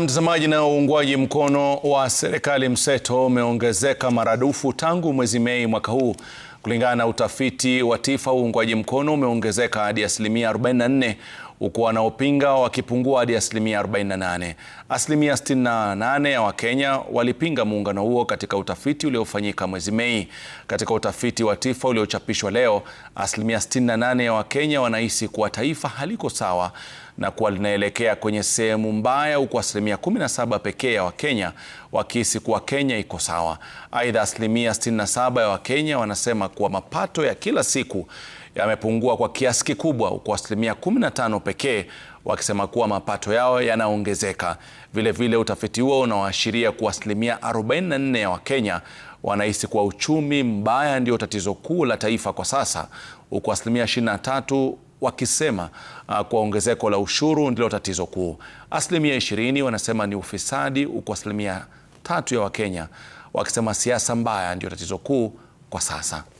Mtazamaji, na uungwaji mkono wa serikali mseto umeongezeka maradufu tangu mwezi Mei mwaka huu Kulingana na utafiti wa TIFA, uungwaji mkono umeongezeka hadi asilimia 44 huku wanaopinga wakipungua hadi asilimia 48. Asilimia 68 ya Wakenya walipinga muungano huo katika utafiti uliofanyika mwezi Mei. Katika utafiti wa TIFA uliochapishwa leo, asilimia 68 ya Wakenya wanahisi kuwa taifa haliko sawa na kuwa linaelekea kwenye sehemu mbaya, huku asilimia 17 pekee ya Wakenya wakihisi kuwa Kenya iko sawa. Aidha, asilimia 67 ya Wakenya wanasema kuwa mapato ya kila siku yamepungua kwa kiasi kikubwa, huku asilimia 15 pekee wakisema kuwa mapato yao yanaongezeka. Vilevile, utafiti huo unaoashiria kuwa asilimia 44 ya Wakenya wanahisi kuwa uchumi mbaya ndio tatizo kuu la taifa kwa sasa, huku asilimia 23 wakisema uh, ah, kwa ongezeko la ushuru ndilo tatizo kuu. Asilimia 20 wanasema ni ufisadi, huku asilimia tatu ya Wakenya wakisema siasa mbaya ndio tatizo kuu kwa sasa.